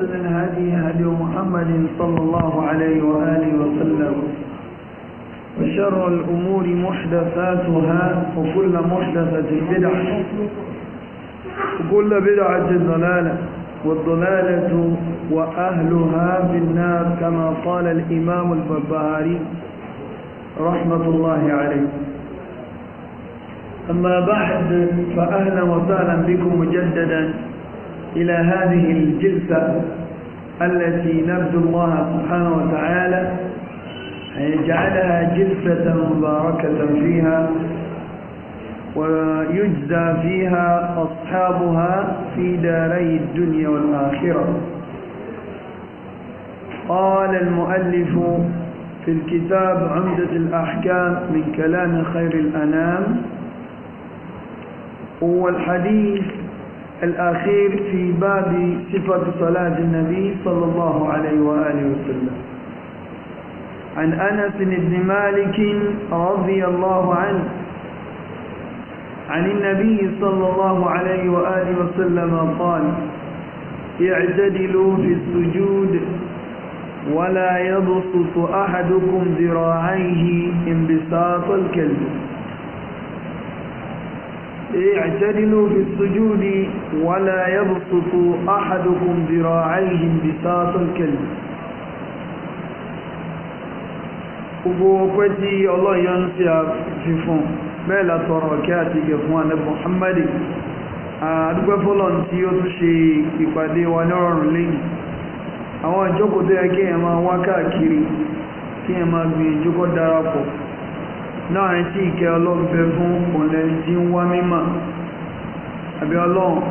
أحسن الهدي هدي محمد صلى الله عليه وآله وسلم وشر الأمور محدثاتها وكل محدثة بدعة وكل بدعة ضلالة والضلالة وأهلها في النار كما قال الإمام البخاري رحمة الله عليه أما بعد فأهلا وسهلا بكم مجددا إلى هذه الجلسة التي نرجو الله سبحانه وتعالى أن يجعلها جلسة مباركة فيها ويجزى فيها أصحابها في داري الدنيا والآخرة قال المؤلف في الكتاب عمدة الأحكام من كلام خير الأنام هو الحديث الأخير في باب صفة صلاة النبي صلى الله عليه وآله وسلم عن أنس بن مالك رضي الله عنه عن النبي صلى الله عليه وآله وسلم قال اعتدلوا في السجود ولا يبسط أحدكم ذراعيه انبساط الكلب اعتدلوا في السجود ولا يبسط أحدكم ذراعيه انبساط الكلب gbogbo ọpẹ́ tí ọlọ́yọ́ ń fi àfi fún bẹ́ẹ̀ látọrọ kí àti tí ó tún ṣe ìpàdé wa lọ́rọ̀rùn lẹ́yìn àwọn ìjókòó tó yẹ kí ẹ máa wá káàkiri kí ẹ máa gbìyànjú láàrin tí ìkẹ́ ọlọ́run fẹ́ fún òǹlẹ̀ tí ń wá mímọ̀ àbí ọlọ́run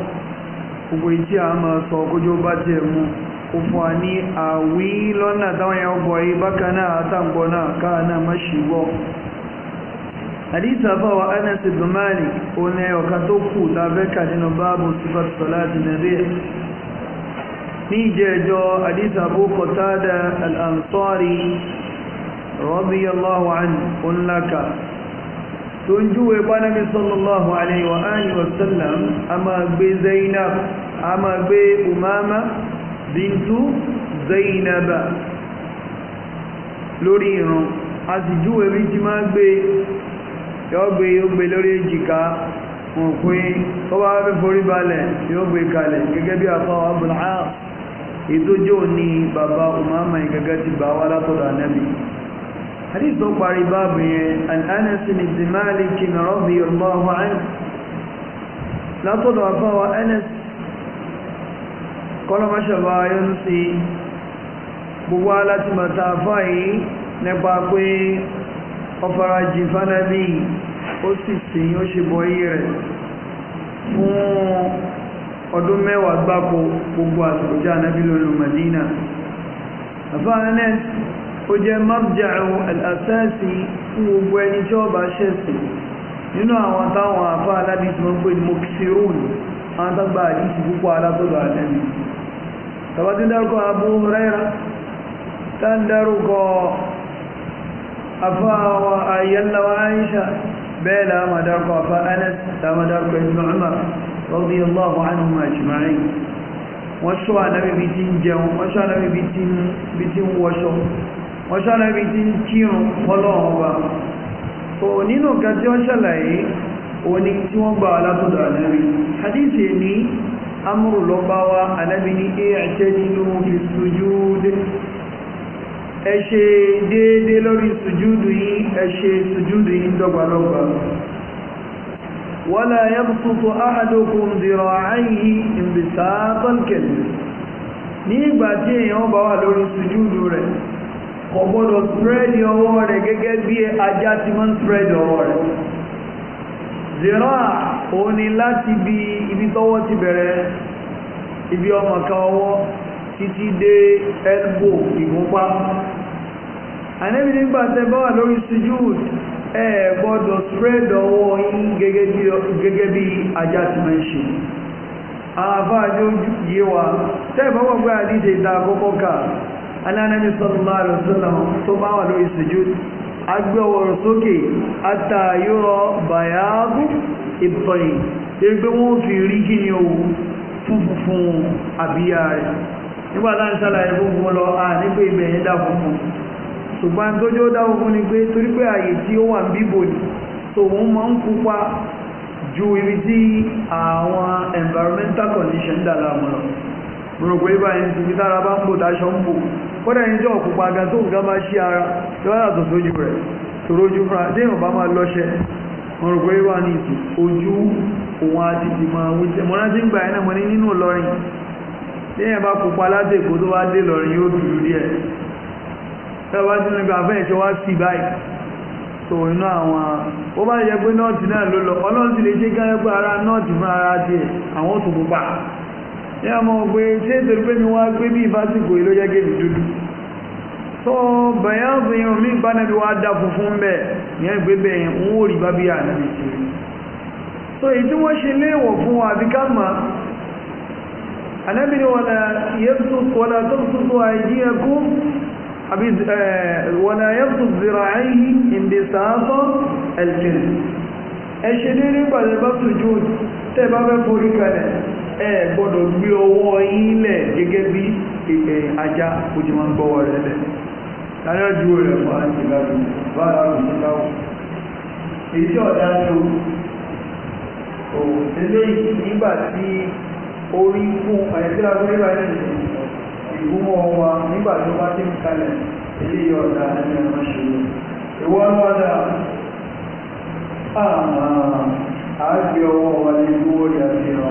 gbogbo ìtí a máa sọ kójó bá tiẹ̀ mú kò fún wa ní àwí lọ́nà táwọn èèyàn bọ̀ yìí bákan náà àtàǹgbọ̀ náà káà náà má ṣì gbọ́ àdìsá bá wa Anas ibn Malik òun ẹ̀ ọ̀ka tó kù lábẹ́ka nínú báàbù sífàtì sọ̀láàtì nàbí ẹ̀ ní ìjẹ́jọ́ àdìsá bó Qatada al-Ansari radiyallahu anhu ńláka tó ń júwe pánábí sallallahu alayhi wa alihi wa sallam a máa gbé zainab a máa gbé umama bintu zainaba lórí ìran a sì júwe bí ti máa gbé yóò gbé yóò gbé lórí èjìká wọn pé tó bá fẹ́ forí balẹ̀ yóò gbé kalẹ̀ gẹ́gẹ́ bí àfáwà abúlá ètò jò ní bàbá umama gẹ́gẹ́ ti bá wá látọ̀dọ̀ ànábì hadith tó parí báàbù yẹn an Anas bin Malik radiyallahu anhu látọ̀dọ̀ àfáwà Anas kọlọmọṣọ̀bá yọ́n sí gbogbo aláti mọ̀ta fáyí nípa pé ọfarajì fánàbí ó sì ọdún mẹ́wàá gbáko gbogbo àsìkò jẹ́ Madina àfáà ó jẹ́ mabja'u al-asasi fún gbogbo ẹni tí ó bá ṣẹ̀sìn nínú àwọn táwọn àfá aládìí tí wọ́n pè ní mokisirun àwọn tágbà àdìsí púpọ̀ alátọ́dọ̀ àlẹ́mì tàbátí dárúkọ Abu Huraira tá ń dárúkọ afá àwọn ayyallawa Aisha bẹ́ẹ̀ láàmà dárúkọ afá Anas láàmà dárúkọ Ibn Umar mọ́ṣálẹ́bí ti ń kírun fọ́lọ́run wa o nínú nǹkan tí wọ́n ṣàlàyé o ní tí wọ́n gba alátọ̀dọ̀ ànábì hadithi ní amúrù lọ bá wá ànábì ní ẹ̀ẹ́tẹ́ nínú fi sujúdé ẹ ṣe déédé lórí sujúdù yìí ẹ ṣe ní kò gbọ́dọ̀ spread ọwọ́ rẹ̀ gẹ́gẹ́ bí ajá ti máa spread ọwọ́ rẹ̀ zera òun ni láti bi ibi tọ́wọ́ ti bẹ̀rẹ̀ ibi ọmọ kan ọwọ́ títí dé elbow ìgúnpá ànẹ́bí nígbà tẹ́ bá wà lórí sujud ẹ gbọ́dọ̀ spread ọwọ́ yín gẹ́gẹ́ bí ajá ti máa ń ṣe àbájọ́ yé wa tẹ́ ìfọwọ́gbé àdíje ìta àkọ́kọ́ kà aláàrẹ́bí sallallahu alaihi wasallam tó bá wà lórí sujud agbẹ́wọ̀rọ̀ sókè àtàyọ́rọ̀ bàyáàbù ìbọ̀yìn ẹgbẹ́ wọn fi rí kí ni o fúnfún fún àbíyá rẹ̀ nígbà láti sálàyé fúnfún lọ à nígbà ìbẹ̀yìn dá fúnfún ṣùgbọ́n tó jọ dá fúnfún ni pé tí environmental condition dà láàmú lọ mo rò pé tára bá ń bò táṣọ ń bò kọ́dà ní jọ́ òkùnpá ga tó nǹkan bá ṣí ara tó yàtọ̀ sójú rẹ̀ tòrò ojú fúnra tí èèyàn bá máa lọ́ṣẹ́ wọn rò pé wà ní ìtù ojú òun àti ìmọ̀ àwọn ìṣẹ́ mọ́ná tí ń gbà ẹ̀ náà mọ́ ní nínú lọ́rin tí èèyàn bá pupa láti èkó tó wá dé lọ́rin yóò dúdú ní àmọ́ ògbé tí è torí pé mi wá gbé bí ìfásitì ìlú jẹ́ gẹ́gẹ́ dúdú tó bẹ̀yàn sí irun mí ìbánẹ́bí wá dá funfun bẹ́ẹ̀ ní ẹgbẹ́ bẹ́ẹ̀ ń wò i so èyí tí wọ́n ṣe léèwọ̀ fún wa àbí ká mà ànábì ni wọ́n wọ́n tó tutù àìdí ẹkú àbí wọ́n yẹ́tù zira ayé ìndẹ̀sàásọ́ ẹ̀kẹ́ ẹ tẹ́ bá fẹ́ forí kalẹ̀ ẹ gbọ́dọ̀ gbé ọwọ́ yín gẹ́gẹ́ bí ìpè ajá ojú máa ń gbọ́wọ́ rẹ̀ lẹ̀ láyé ọjọ́ rẹ̀ fún àti ìlànà bá àrùn ìlàwọ̀ èyí ọ̀dá ló ò eléyìí nígbà tí orí fún ìgbúmọ̀ wa nígbà tó bá ti ń kalẹ̀ ọ̀dá àmà ọwọ́ wa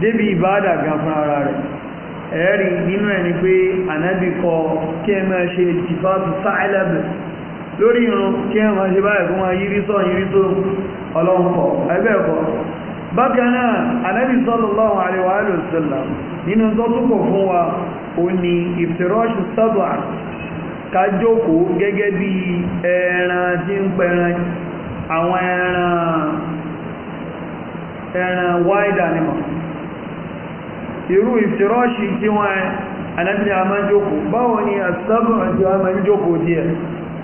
débi ìbáàdà gan fún ara rẹ̀ ẹ̀rí nínú ẹni pé ànábì kọ kí ẹ máa ṣe ìtìfàtù sáìlẹ̀bẹ̀ lórí irun kí ẹ máa ṣe báyìí fún wa yírí sọ yírí tó ọlọ́nkọ̀ ẹgbẹ́ẹ̀kọ́ bákan náà ànábì sallallahu alaihi wa sallam nínú tó túnkọ̀ fún wa ó ní ìfìrọ́ṣù sábà kájókòó gẹ́gẹ́ bí ẹran tí ń pẹran àwọn ẹran ẹran wide animal irú ìfìrọ́ṣì tí wọ́n ẹ alábìnrin a máa jókòó báwo ni àtàbùn àti a máa jókòó díẹ̀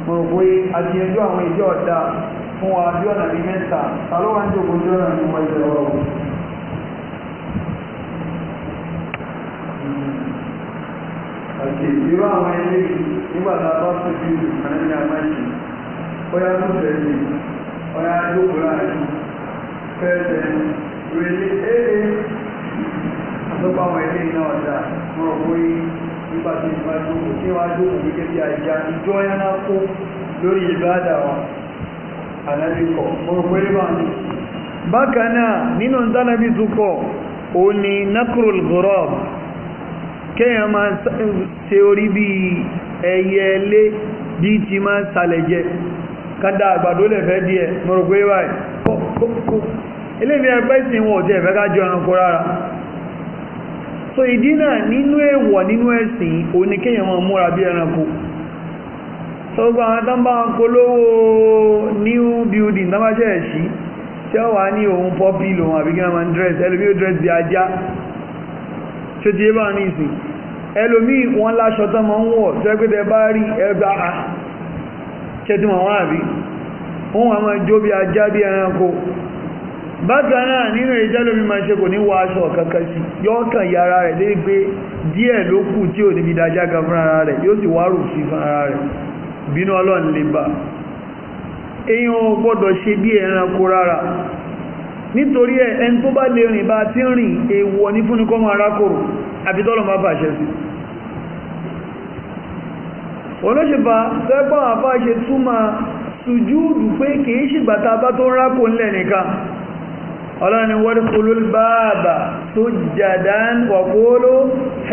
mọ̀ pé àti ẹjọ́ àwọn ìjọ ọ̀dá fún wa bí ọ̀nà bí mẹ́ta tàlọ́wà ń jókòó tí ọ̀nà ní wọ́n ìjọ ọ̀rọ̀ àti irú àwọn ilé nígbàtà bá fi ló bá wọn ilé iná ọ̀dà wọn ò bóyí nígbà tí ìgbà tó kò tí wọ́n á jókòó gẹ́gẹ́ bí àìjá ìjọ yánná kó lórí ìbáàdà wọn ànábì wọn ò bóyí wọn bákan náà nínú ìdánábì tún kọ̀ ó nakrul ghurab kéèyàn máa ṣe orí bí ẹyẹ ilé bí ti máa ṣàlẹ̀ jẹ kádà àgbàdo lè fẹ́ díẹ̀ mo rò pé wáyé kó kó eléyìí ẹgbẹ́ ìsìn wọn ò tiẹ̀ fẹ́ ká jọ ẹranko rárá so ìdí náà nínú èèwọ̀ nínú ẹ̀sìn oníkéyàn máa múra bí ẹranko so gbogbo àwọn tán bá wọn polówó new building tán bá ṣe ẹ̀ sí tí ó wà ní òun pọ́pì lòun àbí kí wọ́n máa ń dress ẹlòmí ó dress bí ajá tó ti yé bá ní ìsìn ẹlòmí wọn láṣọ tán máa ń wọ̀ tó ẹgbẹ́ tẹ bá rí ẹgbà á ṣe tí àbí wọ́n máa jó bí ajá bí ẹranko bákan náà nínú ìjẹ́lómi máa ṣe kò ní wọ aṣọ kankan sí yóò kàn ya ara rẹ̀ lé pé díẹ̀ ló kù tí ò níbi dájá ga fún ara rẹ̀ yóò sì wárò sí fún ara rẹ̀ bínú ọlọ́run lè bá èèyàn gbọ́dọ̀ ṣe bí ẹranko rárá nítorí ẹ ẹni tó bá lè rìn bá ti rìn èèwọ̀ ní fún nìkan máa rákòrò àbí tọ́lọ̀ máa bàṣẹ sí olóṣèpá fẹ́gbọ́n àfáṣe túmọ̀ sùjúùdù pé kìí ṣìgbà tá a bá tó rákò ńlẹ̀ nìkan ọlọ́run ni wọ́n kúlú báàbà tó jàdán wàkóóló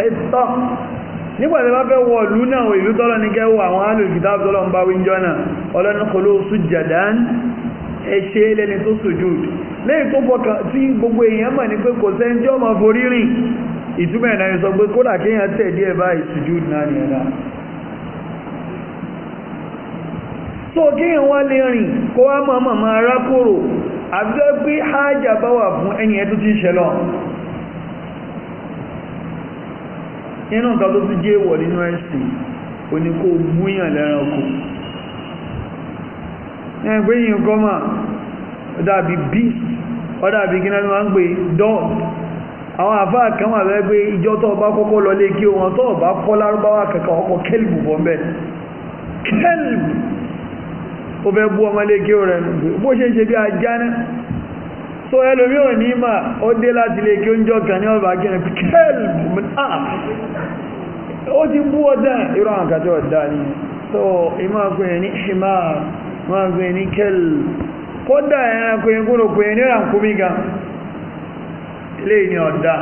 ẹ̀tọ́ wọ́n fẹ́ wọ ìlú ìlú tọ́lọ́ ní kẹwọ́ àwọn alùkìtà tọ́lọ́ ń bá ẹ̀ṣẹ́ lẹ́ni tó lẹ́yìn tó tí gbogbo èèyàn mọ̀ ní pé kò ọmọ forí rìn ìtumọ̀ àbíjọ́ pé hajjá bá wà fún ẹni ẹ tó ti ń ṣe lọ inú nǹkan tó tún jẹ́ ìwọ̀ nínú ẹ̀sìn oníkó múyàn lẹ́ranko ẹgbẹ́ yìí gọ́mà ọdábí beast ọdábí gíná ní wọ́n ń pè dog àwọn àfáà kan wà bẹ́ẹ̀ pé ìjọ tó bá kọ́kọ́ lọ lé kí wọn tó bá kọ́ lárúbáwá kẹ̀kọ́ ọkọ̀ kẹ́lìbù bọ́m̀bẹ̀ kẹ́lìbù ó fẹ́ bú ọmọléke rẹ̀ nù bó ṣe ń ṣe bí ajá náà so ẹlòmí ò ní mà ó dé láti lè kí oúnjẹ kan ní ọba kí ni kẹ́ẹ̀lù ó ti bú ọdá irọ́ àwọn kàtẹ́ ọ̀dá ni so ìmọ̀ àkóyẹ̀ ní ṣìmá ìmọ̀ àkóyẹ̀ ní kẹ́ẹ̀lù kódà ẹ̀rọ àkóyẹ̀ kúrò kóyẹ̀ ní ràǹkúmí gan ilé ọ̀dá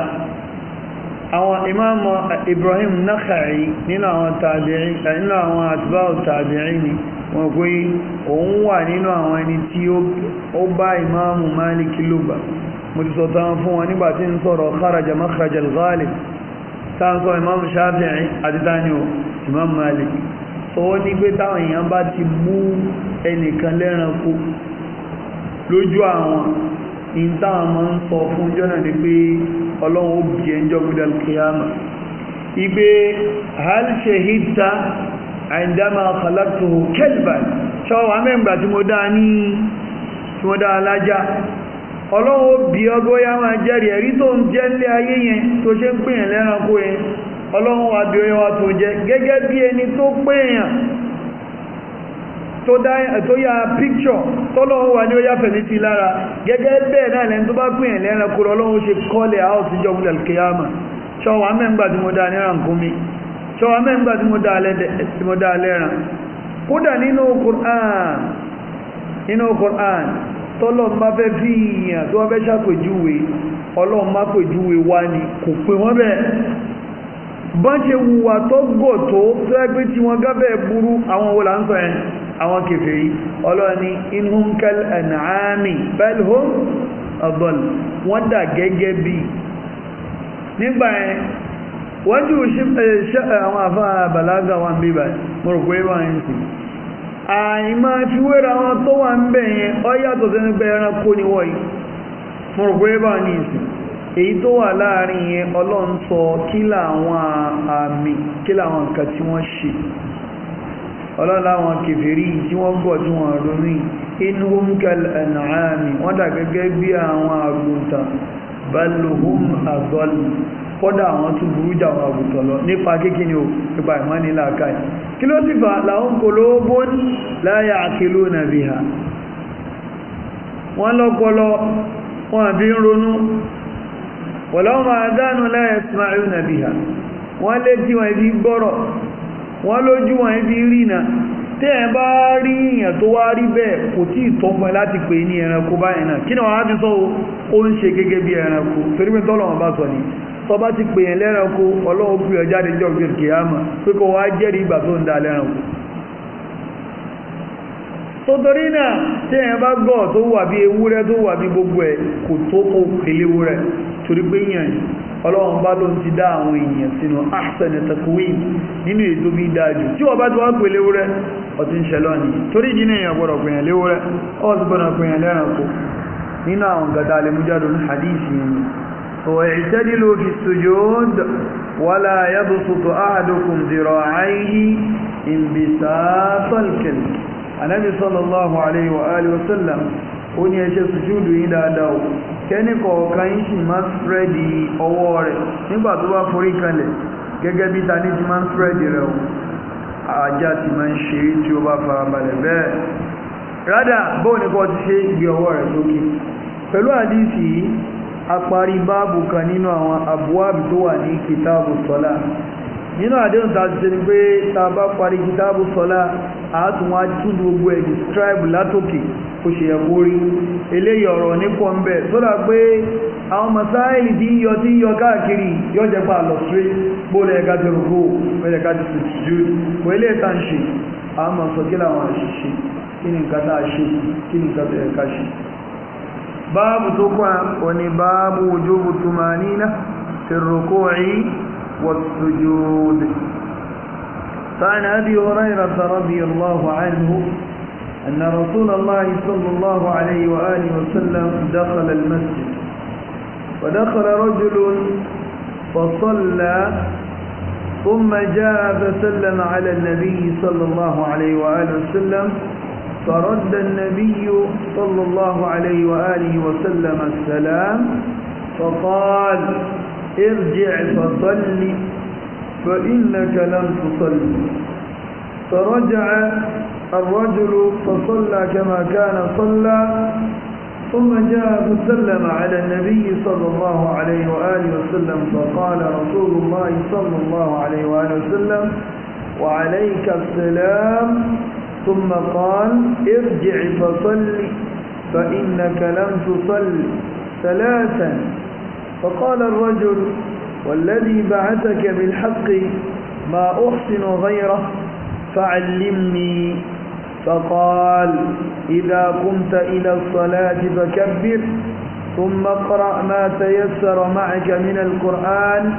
àwọn imáàmù Ibrahim Nakhai nínú àwọn tàbí'in eh, nínú àwọn àtibáwò tàbí'in ni wọ́n pé òun wà nínú àwọn ẹni tí ó bá imáàmù Malik lóba mo ti sọ̀tọ̀ wọn fún wọn nígbà tí ń sọ̀rọ̀ kharaja makhrajal ghalib sáńsọ imáàmù Shafi'i àti tani o imáàmù Malik sọ ìntàwọn máa ń sọ fún jọ́nà ni pé ọlọ́run ó bí ẹjọ́ gbúdàl kìyàmà igbe hal shahidta àìdámà khalaqtuhu kelban ṣọ́wọ́ amẹ́gbà tí mo dáa ní tí mo dáa lájá ọlọ́run ó bí ọgbọ́ yá máa jẹ́rìí ẹ̀rí tó ń jẹ́ lé ayé yẹn tó ṣe ń pèèyàn lẹ́ranko yẹn ọlọ́run wà bí ọyọ́ wa tó jẹ́ gẹ́gẹ́ bí ẹni tó pèèyàn tó dá tó yá picture tọ́lọ́run wà ní ó yá fẹ̀mí lára gẹ́gẹ́ bẹ́ẹ̀ náà lẹ́nu tó bá pín ẹ̀lẹ́ ẹranko ọlọ́run ṣe kọ́lẹ̀ out jọ wulẹ̀ ṣọwọ́ amẹ́ngbà tí mo dá tí mo dá kódà nínú Qur'an nínú Qur'an bá fẹ́ fi wọ́n fẹ́ ṣàpèjúwe má pèjúwe wá ni kò pè wọ́n bẹ́ẹ̀ bá ṣe wùwà tó gò tó tó ẹgbẹ́ tí wọ́n gábẹ̀ burú àwọn wòlà ń sọ yẹn àwọn kèfèrí ọlọ́ni inhum kal an'ami bal hum adall wọ́n dà gẹ́gẹ́ bí nígbà yẹn wọ́n jù ṣe àwọn àfá balaga wọn bí báyìí èyí tó wà láàrin yẹn ọlọ́run sọ kí làwọn àmì kí làwọn nǹkan tí wọ́n ṣe ọlọ́run láwọn kèfèrí tí wọ́n gbọ́ tí wọ́n ronú inhum kal an'ami wọ́n dà gẹ́gẹ́ bí àwọn àgùntàn balhum adall kọ́dà àwọn tún burú jà àwọn àgùntàn lọ nípa kíkí ni nípa ìmọ́nilá kí ló sì fà láwọn kòlóbó la ya'qiluna biha wọ́n lọ́pọlọ wọn àbí ń ronú wọ̀lọ́wọ́ máa dánú láyẹ̀ smaíl nàbí ha wọ́n lé tí wọ́n ibi gbọ́rọ̀ wọ́n lójú wọ́n ibi rìnà tẹ́ ẹ bá rí èèyàn tó wá rí bẹ́ẹ̀ kò tí ì tọ́pọ̀ láti pè ní ẹranko báyìí náà kí tó torí náà tí èyàn bá gọ̀ tó wà bí ewúrẹ́ tó wà bí gbogbo ẹ̀ kò tó kò torí pé yàn ọlọ́run bá ló ń ti dá àwọn èèyàn sínú ahsan nínú ètò bí dájú tí wọ́n bá ti wá ọtí ń ṣẹlọ́ ni torí gbọ́dọ̀ pèèyàn gbọ́dọ̀ pèèyàn nínú àwọn gàdá ní anábì sallallahu alayhi wa alihi wa sallam ó ní ẹṣẹ́ sùjúdù yín dáadáa o kẹ́ni kọ̀ọ̀kan yín sì máa ń spreadi ọwọ́ rẹ̀ nígbà tó bá forí kanlẹ̀ gẹ́gẹ́ bí tani ti máa ń spreadi rẹ̀ o ajá ti máa ń ṣe é tí ó bá farabalẹ̀ bẹ́ẹ̀ rádà bóò ní kọ́ ti ṣe ìgbé ọwọ́ rẹ̀ sókè pẹ̀lú àdísì yìí báàbù kan nínú àwọn àbúwábì tó wà ní kìtàbù sọ́lá nínú àdéhùn tá a ti ṣe ni pé tá parí kìtàbù sọlá àátùn wá tún gbogbo ẹ̀ describe látòkè kò ṣe ẹ̀kọ́ rí eléyìí ọ̀rọ̀ ní pọ́ńbẹ́ sódà pé àwọn masáìlì tí yọ tí yọ káàkiri yóò jẹ́ pa àlọ́ bóòlù ẹ̀ka ti rògbò bóòlù ti kò ń ṣe àwọn kí والسجود فعن أبي هريرة رضي الله عنه أن رسول الله صلى الله عليه وآله وسلم دخل المسجد ودخل رجل فصلى ثم جاء فسلم على النبي صلى الله عليه وآله وسلم فرد النبي صلى الله عليه وآله وسلم السلام فقال ارجع فصل فإنك لم تصل فرجع الرجل فصلى كما كان صلى ثم جاء فسلم على النبي صلى الله عليه وآله وسلم فقال رسول الله صلى الله عليه وآله وسلم وعليك السلام ثم قال ارجع فصل فإنك لم تصل ثلاثا فقال الرجل والذي بعثك بالحق ما أحسن غيره فعلمني فقال إذا قمت إلى الصلاة فكبر ثم اقرأ ما تيسر معك من القرآن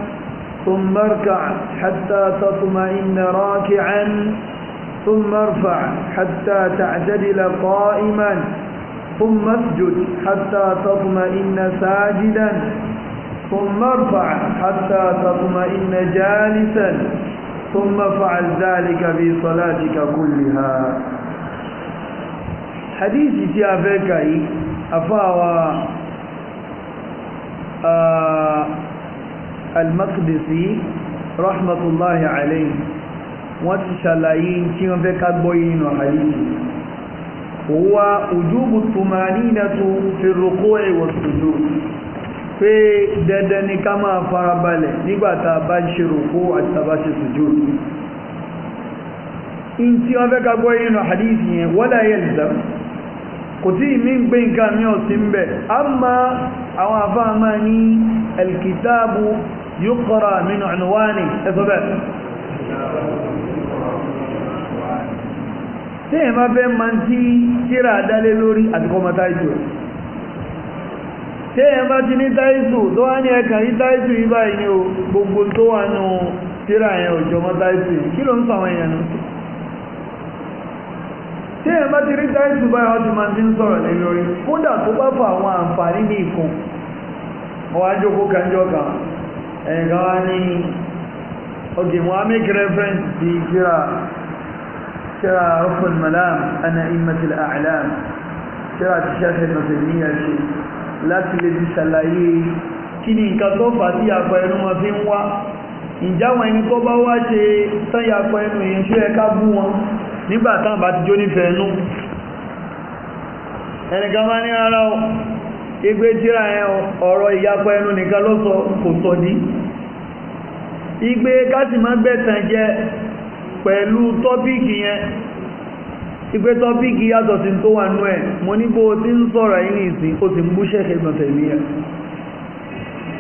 ثم اركع حتى تطمئن راكعا ثم ارفع حتى تعتدل قائما ثم اسجد حتى تطمئن ساجدا ثم ارفع حتى تطمئن جالسا ثم فعل ذلك في صلاتك كلها حديث في افكاي افاوى آه، المقدسي رحمة الله عليه وتشالاين كيما بكا بوين وحديث هو وجوب الطمانينة في الركوع والسجود pé dandan ni ká máa farabalẹ̀ nígbàtà bá ń ṣe rùkú àti tàbá ṣe sujud in tí wọ́n fẹ́ ká gbọ́ nínú hadith yẹn wala yalzam kò tí ìmí ń gbé nǹkan mi ò sí ń bẹ̀ a ma àwọn àfáà máa ní alkitabu yuqra min unwani ẹsọ bẹ́ẹ̀ tí èèyàn bá fẹ́ máa ń tí kíra dálé lórí àti kọmọtáìtò téèyàn bá ti ní táìsù tó wá ní ẹ̀kàn rí táìsù yìí báyìí ni o gbogbo tó wà nù tíra yẹn òjò mọ́ táìsù yìí kí ló ń sọ àwọn èèyàn nù téèyàn bá ti rí táìsù báyìí wọ́n máa ti ń sọ̀rọ̀ lé lórí kódà tó bá fọ àwọn àǹfààní ní ìfún ọwọ́ ajókòó kanjọ́ kan ẹ̀yìn kan wá ní okay wọ́n á make reference sí tíra tíra Raf'ul Malam ana immatul a'lam tíra ti ṣẹ́fẹ̀ẹ́ láti lè fi ṣàlàyé kí ni nǹkan tó fà tí àpọ̀ ẹnu wọn fi ń wá ìjáwọn ẹni tó bá wá ṣe tán yàpọ̀ ẹnu èyí tí ó ẹka bú wọn nígbà tán bá ti jó nífẹ̀ẹ́ nú ẹnìkan bá ní rárá o igbe tíra ẹ ọ̀rọ̀ ìyàpọ̀ ẹnu nìkan ló sọ kò sọ ní igbe kásìmọ́gbẹ̀tàn jẹ pẹ̀lú tọ́píìkì yẹn ìpé tọ́píkì yàtọ̀ sí tó wà nú ẹ̀ mo ní bó tí ń sọ̀rọ̀ yìí ìsìn ó ti ń bú ṣẹ́kẹ́ ìgbọ̀nsẹ̀ ní ẹ̀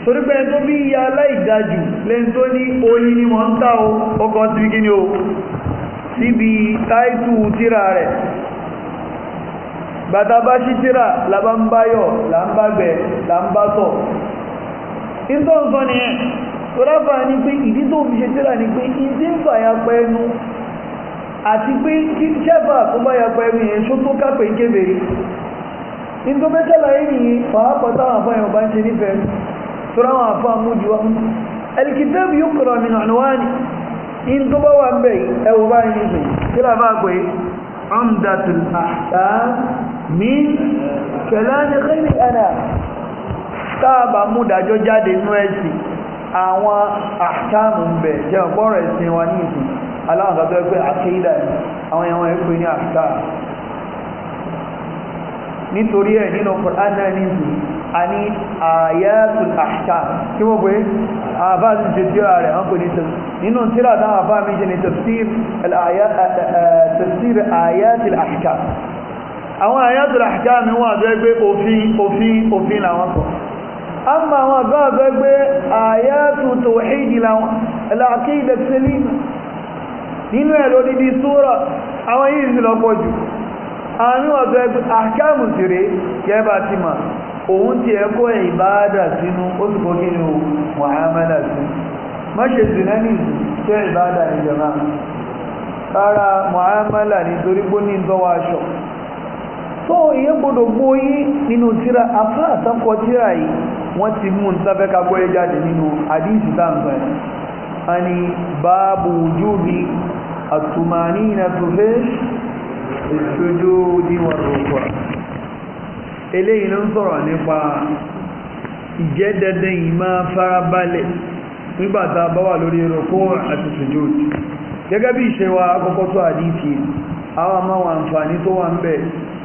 torí pé tó bí ya aláìdájù lẹ́n tó ní oyin ni wọ́n ń tà ó ọkọ̀ sí kí ni ó síbi táìtù tíra rẹ̀ bàtà bá ṣí tíra làbá ń báyọ̀ là ń bàgbẹ̀ là ń bá tọ̀ ìtọ́nsọ́ ni ẹ̀ tó ráfà ní pé ìdí tó fi ṣe tíra ni pé ìdí ń fàyà pẹ́ẹ́nu àti pé kí sẹ́fà tó bá yapa ẹni yẹn tó tó kápẹ́ ìkébèrè nítorí sẹ́láyé nìyí pàápàá táwọn àfáà yẹn bá ń ṣe nífẹ̀ẹ́ tó ráwọn àfáà mú jù wá ẹ̀lìkìtẹ́bù yóò kọ̀rọ̀ mi hàn wá ní in tó bá wà ń bẹ̀ ẹwọ bá ní ìsìn tí láfá pé ọmọdàtùn àṣà mi kẹlá ní kẹ́lì ẹ̀nà tàbà mú dájọ́ jáde nú ẹ̀sìn àwọn àṣà mú bẹ̀ jẹ́ ọ̀pọ̀rọ̀ ẹ̀sìn wa ní ìsìn aláwọn kan tó yẹ pé àkéyídà ni àwọn èèyàn wọn pè ní àṣà nítorí ẹ̀ nínú kọ̀ránánìsì a ní àyàtùn àṣà tí wọ́n pé àbá ti ṣe tí ó rẹ̀ wọ́n pè ní tẹ̀sí nínú tíra náà àbá mi jẹ́ ní tafsir àyàtùn àṣà àwọn àyàtùn àṣà mi wọ́n àbẹ́ gbé òfin òfin òfin làwọn sọ amma àwọn àbá àbẹ́ gbé àyàtùn tòwíìdì làwọn al-aqida nínú ẹ̀ lórí bí súrọ̀ àwọn yìí sí lọ́pọ̀ jù àwọn ọ̀dọ́ ẹgbẹ́ àkáàmù sí rẹ̀ kẹba ti ma òun ti ẹkọ́ ìbáadà sínú ó sì kó kínú mọ̀hámẹ́lá sí mọ́ṣe zinani tẹ́ ìbáadà ní jama rárá mọ̀hámẹ́lá ní torí gbó ní ìdọ́wọ́ aṣọ nínú tíra afá àtàkọ tíra yìí wọ́n ti mú àtùmánínà tó fẹ́ ìṣojú níwọ̀n rọ̀kọ̀ eléyìí ló ń sọ̀rọ̀ nípa ìjẹ́ dandan yìí máa farabalẹ̀ nígbàtà bá wà lórí rọ̀kọ̀ àti ìṣojú gẹ́gẹ́ bí ìṣe wa àkọ́kọ́ tó àdífì àwọn amáwọn àǹfààní tó wà ń bẹ̀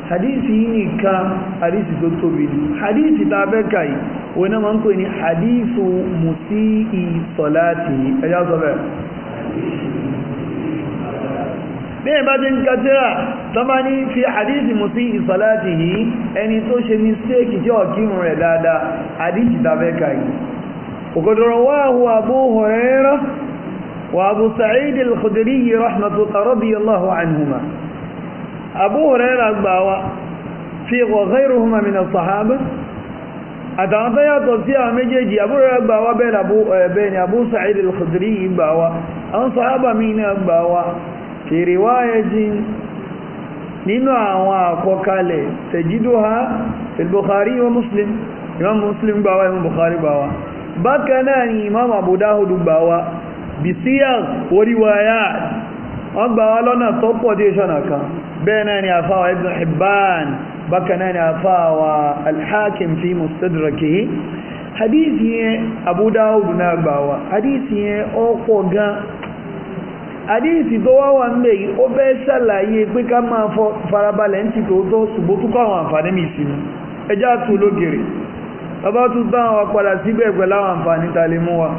hadisi yìí nìkan hadisi tó tóbi ni hadisi tá fẹ́ kà wọn náà máa ń pè ní hadisi musii salati ẹ̀yà sọ bẹ́ẹ̀ bẹ́ẹ̀ bá ti ń kàtíra tọ́bá ní fi àdíjì mú sí ìsọ̀láti yìí ẹni tó ṣe mistake jẹ́ ọ̀kírun rẹ̀ dáadáa àdíjì tàbẹ́ kàí òkòdòrò wáhù Abu Hurairah wa Abu Sa'id al-Khudri radiyallahu anhuma Abu Hurairah gbà wá fi ghayrihima min as-sahaba àtàwọn tó yàtọ̀ sí àwọn méjèèjì mi eh, náà gbà wá fi riwayatin nínú àwọn àkọkalẹ̀ tajiduha fil Bukhari wa Muslim imam Muslim gbà wá imam Bukhari gbà wá bákan náà ni imam Abu Dawud gbà wá bisiyar oríwáyá wọ́n gbà wá lọ́nà tó pọ̀ dé ṣọ́nà kan bẹ́ẹ̀ náà ni àfáwà Ibn Hibban bákan náà ni àfáwà al fi mustadrakihi hadithi yẹn Abu Dawud náà hadithi yẹn ó gan àdíyìsí tó wá wà nílẹ̀ yìí ó fẹ́ ṣàlàyé pé ká máa fọ farabalẹ̀ ń ti tòótọ́ ṣùgbọ́n tó kọ́ àwọn àǹfààní mi ìsinmi ẹjá tu lógèrè bàbá tún bá wa padà síbẹ̀ pẹ̀lú àwọn àǹfààní ta lè mú wa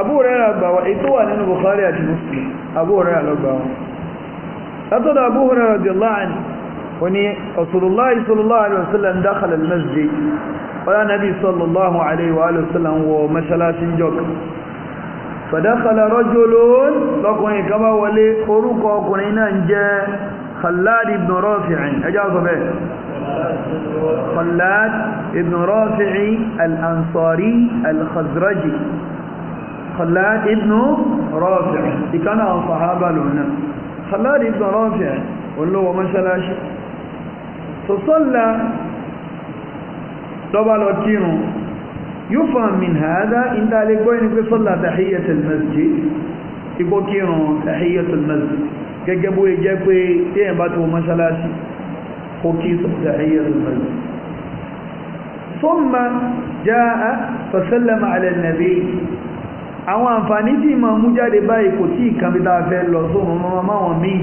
àbúrò rẹ̀ rà gbà wá ètò wà nínú Bukhari àti Muslim àbúrò rẹ̀ fàdákàlà rọ́jò lóòrùn lọ́kùnrin kan bá wọlé orúkọ ọkùnrin náà ń jẹ́ Khallad ibn Rafi'i ẹjá sọ bẹ́ẹ̀ Khallad ibn Rafi'i al-Ansari al-Khazraji Khallad ibn Rafi'i ìkánà àwọn sàhábà lónà يفهم من هذا إن ذلك وين صلى تحية المسجد يقول كيرون تحية المسجد كجبوا يجبوا تيباتوا مسلاسي خوكيس تحية المسجد ثم جاء فسلم على النبي àwọn àǹfààní tí ma mú jáde báyìí kò tí ìkan bí dáa fẹ́ lọ sóhun ọmọ máwọn míì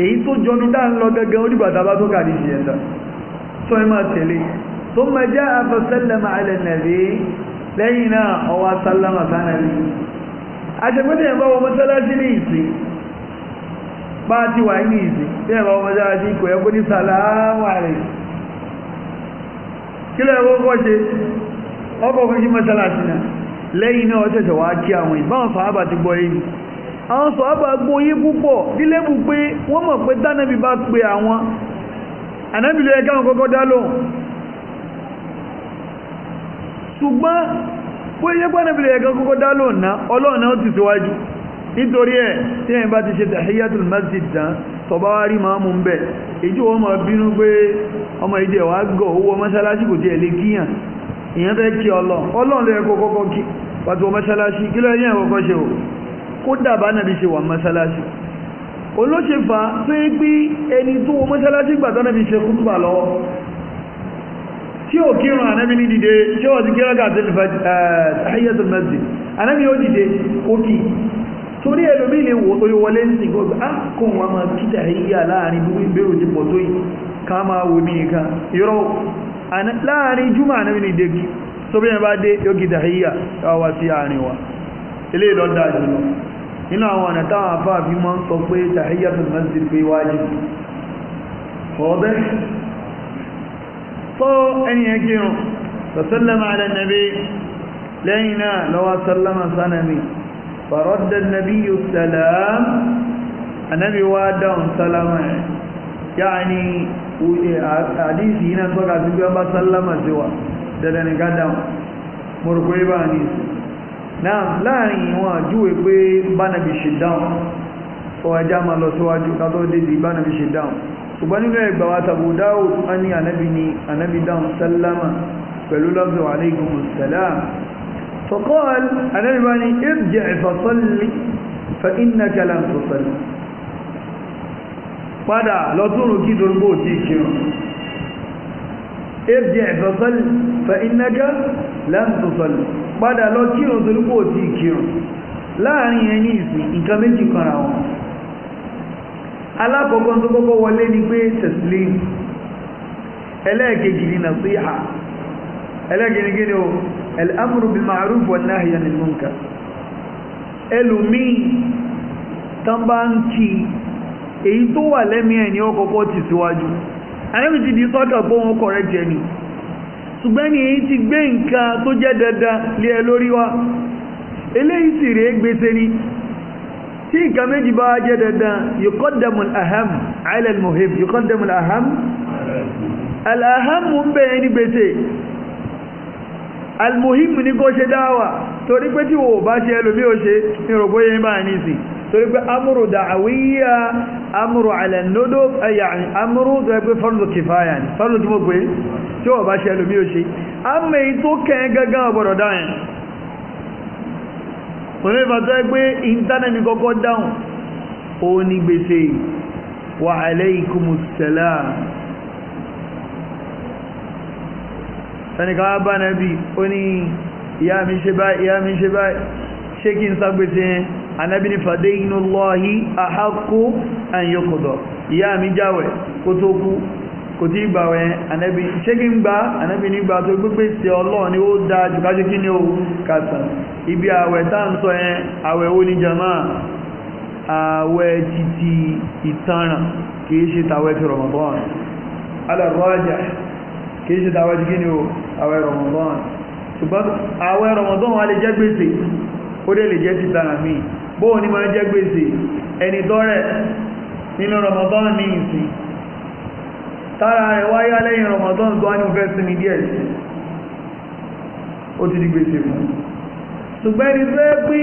èyí tó jọnu dáa ń lọ gẹ́gẹ́ onígbàtà bá tó kàdí ìṣẹ̀dá tó ẹ máa tẹ̀lé ثم جاء فسلم على النبي لينا هو سلم على النبي أجمد يا بابا مثلا جنيسي باتي وعنيسي يا بابا مثلا جيكو يقول سلام عليك كلا يقول قوشي ọkọ̀ òkèjì mọ́sálásí náà lẹ́yìn náà ọ̀tẹ̀tẹ̀ wá kí àwọn ìbáwọn sọ̀hábà ti gbọ́ yìí àwọn sọ̀hábà gbọ́ yìí púpọ̀ dílébù pé wọ́n mọ̀ pé tánàbí bá pe àwọn ànábìlẹ̀ ẹ̀káwọn kọ́kọ́ dá lóhùn ṣùgbọ́n bó yẹ pọ́n níbi ẹ̀kan kókó dá lónà ọlọ́run náà ti síwájú nítorí ẹ̀ tí ẹ̀yin bá ti ṣe tahiyatul masjid tán tọba wá rí máa mú un bẹ̀ èjú wọn máa bínú pé ọmọ ìdí ẹ̀wà gọ̀ owó mọ́ṣáláṣí kò tiẹ̀ lè kíyàn ìyẹn fẹ́ kí ọlọ́run ọlọ́run ló yẹ kó kọ́kọ́ kí pàtó mọ́ṣáláṣí kí ló tí ó kírun ànábì ní dìde tí ó ti kí rọ́gà tó ṣàyẹ̀tò mẹ́sì ànábì ó dìde òkì torí ẹlòmí lè wọlé ń sìn gọ́gbà á ah, kò wọ́n máa kíta yíyà láàrin bí ìbéèrò ti pọ̀ tó yìí ká máa wo ní ìka yọ́rọ̀ láàrin júmọ̀ ànábì ní dèkì tó bí ẹ bá dé yóò tó ẹni yẹn kírun sọ̀sọ́lẹ́mà alẹ́ nàbí lẹ́yìn náà lọ́wọ́ sọ́lẹ́mà sánàmì fọ̀rọ̀dẹ̀ nàbí yóò sẹ́lẹ̀m anábì wá dáhùn sọ́lẹ́mà ẹ̀ yáàni àdíìsì yìí náà tọ́ka sí gbọ́n bá sọ́lẹ́mà sí wa dẹ̀dẹ̀ ní ká dáhùn mọ̀rùkú ibà ní náà láàrin ìwọ̀n àjúwe pé bánàbì ṣe dáhùn ọwọ́ ẹjá lọ síwájú ká tó dé ṣe dáhùn ṣùgbọ́n nínú ẹgbà wa tàbí dáwò a ní anábi ni anábi dáhùn sálámà pẹ̀lú lọ́fẹ́ wà ní ìgbìmọ̀ sàlám fọ́kọ́ anábi bá ní ìbjẹ̀ ìfàsọ́lì fa iná kẹlá sọ́sọ́lì padà lọ́túnrù kí dorúgbò tí kírùn ìbjẹ̀ ìfàsọ́lì fa iná kẹlá dorúgbò tí kírùn láàrin ẹni ìsìn nǹkan méjì kan ra wọn alákọ̀ọ́kọ́ tó kọ́kọ́ wọlé ni pé taslim ẹlẹ́ẹ̀kejì ni nasiha ẹlẹ́ẹ̀kejì gíní o al'amuru bil ma'ruf wan nahyi anil munkar ẹlòmíì tán bá èyí tó wà lẹ́mí ẹ̀ ní ti di ni ti tí nǹkan méjì bá jẹ́ dandan yuqaddamu al-aham ala al-muhim yuqaddamu al-aham al-aham ń bẹ̀rẹ̀ ní gbèsè al-muhim ní kó ṣe dáwà torí pé tí wò bá ṣe ẹlòmí ò ṣe ní rògbó yẹn bá ní sí torí pé amúrù da'awiyya amúrù ala an-nudub ẹ̀yà amúrù pẹ̀lú ìfàtọ́ pé ìntánẹ̀tì kọ́kọ́ dáhùn ó ní gbèsè wa alaykumus salam ẹnìkan wá bá nẹ́bí ó ní ìyá mi ṣe báyìí ìyá mi ṣe báyìí ṣé kí n ságbèsè kò tí gbà wẹ̀ ànábì ṣé kí ń gbà ànábì nígbà tó gbégbé sí ọlọ́run ni ó da jùkájú kí ni ó kàtà ibi àwẹ̀ tá ń sọ yẹn àwẹ̀ ó ní jama àwẹ̀ títí ìtanràn kìí ṣe tàwẹ̀ ti Ramadan alàrọ́jà kìí ṣe tàwẹ̀ ti kí ni àwẹ̀ Ramadan ṣùgbọ́n àwẹ̀ Ramadan wà lè jẹ́ gbèsè ó dẹ̀ lè jẹ́ títàràn míì bóò Ramadan ní tára rẹ̀ wáyá lẹ́yìn Ramadan tó wá ní òfẹ́ sí mi díẹ̀ sí ó ti di gbèsè fún ṣùgbẹ́ ni pé pí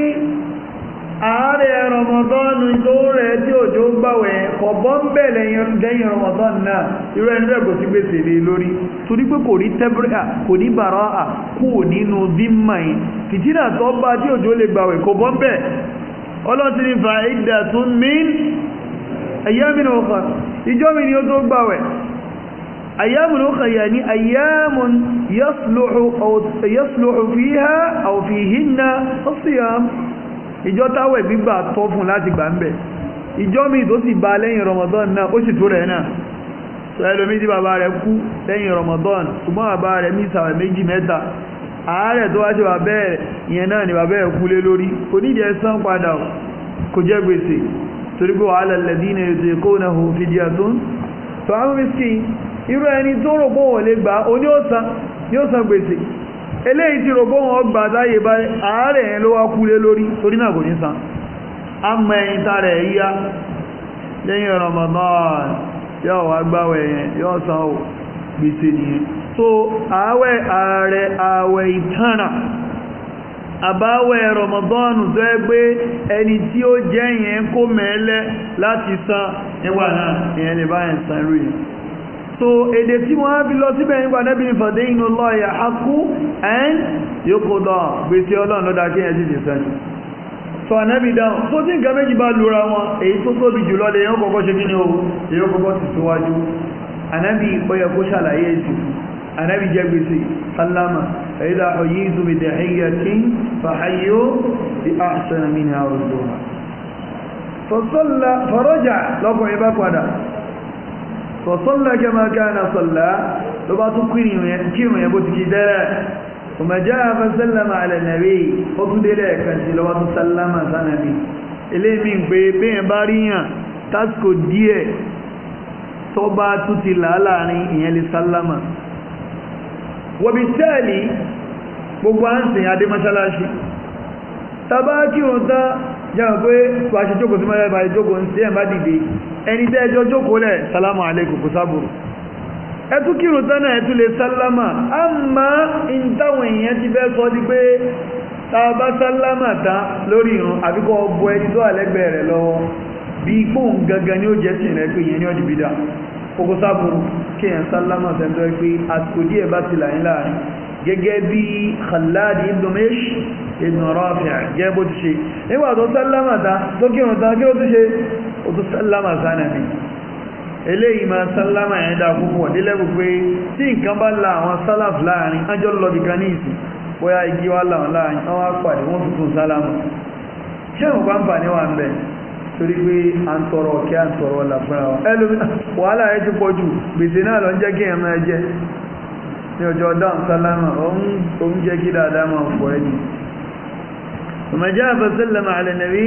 ààrẹ Ramadan tó rẹ̀ tí òjò gbàwẹ̀ ọ̀bọ̀ ń bẹ̀ lẹ́yìn Ramadan náà irú ẹni rẹ̀ kò sí gbèsè lé lórí torí pé kò ní tẹ́bírà kò ní bàrá à kú nínú dímà yìí fìtínà tó bá tí òjò lè gbàwẹ̀ kò bọ́ ń bẹ̀ ọlọ́tí ó tó gbàwẹ̀ أيام الأخرى يعني أيام يصلح أو يصلح فيها أو فيهن الصيام ìjọ táwẹ̀ gbígbà tọ́ fún láti gbà ń bẹ̀ ìjọ míì tó sì bá lẹ́yìn Ramadan náà ó sì tó rẹ̀ náà sọ ẹlòmí tí bàbá rẹ̀ kú lẹ́yìn Ramadan ṣùgbọ́n bàbá rẹ̀ mí sàwẹ̀ méjì mẹ́ta àárẹ̀ tó wá ṣe bàbá rẹ̀ ìyẹn náà ni bàbá rẹ̀ kú lé lórí kò nídìí ẹ̀san padà kò jẹ́ gbèsè torí pé wàhálà lẹ́dínà ètò ìkóhùn irú ẹni tó rò pé lè gbà ó ní ó san yóò gbèsè eléyìí ti rò pé òun ọgbà bá àárẹ̀ yẹn ló wá kú lórí torí náà kò ní san á mọ ẹyin yíyá lẹ́yìn àbáwẹ̀ rọmọdọ́nù tó ẹ gbé ẹni tí ó jẹ́ yẹn kó mẹ́lẹ́ láti san ẹwà náà so èdè tí wọ́n fi lọ síbẹ̀ nípa nẹ́bí ìfọ̀dé inú lọ ẹ̀yà akú yóò kó lọ gbèsè ọlọ́run lọ́dá kí ẹ̀sìn ti sẹ́yìn so ànẹ́bí dáhùn tó tí nǹkan méjì bá lura wọn èyí tó tóbi jùlọ lè yóò kọ́kọ́ ṣe kíni o èyí kọ́kọ́ sì síwájú ànẹ́bí ìpẹ́yẹ kó ṣàlàyé èsì ànẹ́bí jẹ́ gbèsè sálámà ẹ̀yídà ọ̀yí ìzùmìdẹ̀ ẹ̀yà tí fàáyó bí àṣẹ mi فصلى كما كان صلى فبعض كيرم يبوت كدلا ثم جاء فسلم على النبي فقد لك أنت لو تسلم سنبي إليه من بيبين باريا تسكو ديه tọba tún ti là á láàrin ìyẹn lè sálámà wọ̀bí tẹ́ẹ̀lì gbogbo à ń sìn adé mọ́ṣáláṣí tàbá kírun tán jẹ́wọ̀n pé tó a ṣe jókòó sí mẹ́rẹ́ ìbáyé jókòó ní ẹ̀mbá dìde ẹni tẹ́ ẹjọ́ jókòó lẹ̀ sálámù aleikum kò sábòrò ẹtú kírun tánà ẹtú lè sálámà á má ń táwọn èèyàn ti fẹ́ sọ di pé tá a bá sálámà tán lórí ìrun àbí kọ́ bọ ẹni tó àlẹ́gbẹ̀ẹ́ rẹ̀ lọ́wọ́ bí fóun gangan ni ó jẹ́ sìn rẹ̀ pé ìyẹn ní ọdún bídà kókó sábòrò kéèyàn sálámà tẹ́ńtọ́ pé àsìkò díẹ̀ bá ti là ń láàrin gẹ́gẹ́ bí Khalad ibn Mish ibn Rafi' gẹ́ bó ti ṣe nígbà tó sálámàta tó kírun tán kí ó ti ṣe ó tó sálámàta nàní eléyìí máa sálámà ẹ̀ púpọ̀ délẹ́bù pé tí nǹkan bá la àwọn sálàf láàrin ájọ́ lọ́bì bóyá igi wá láàrin àwọn apàdé wọ́n tuntun sálámà ní ọjọ́ ọdán sálámà on on jẹ́ kí dáadáa máa fọ́ ẹni ọmọjáàfẹ́ sílẹ̀mà alẹ́nàrí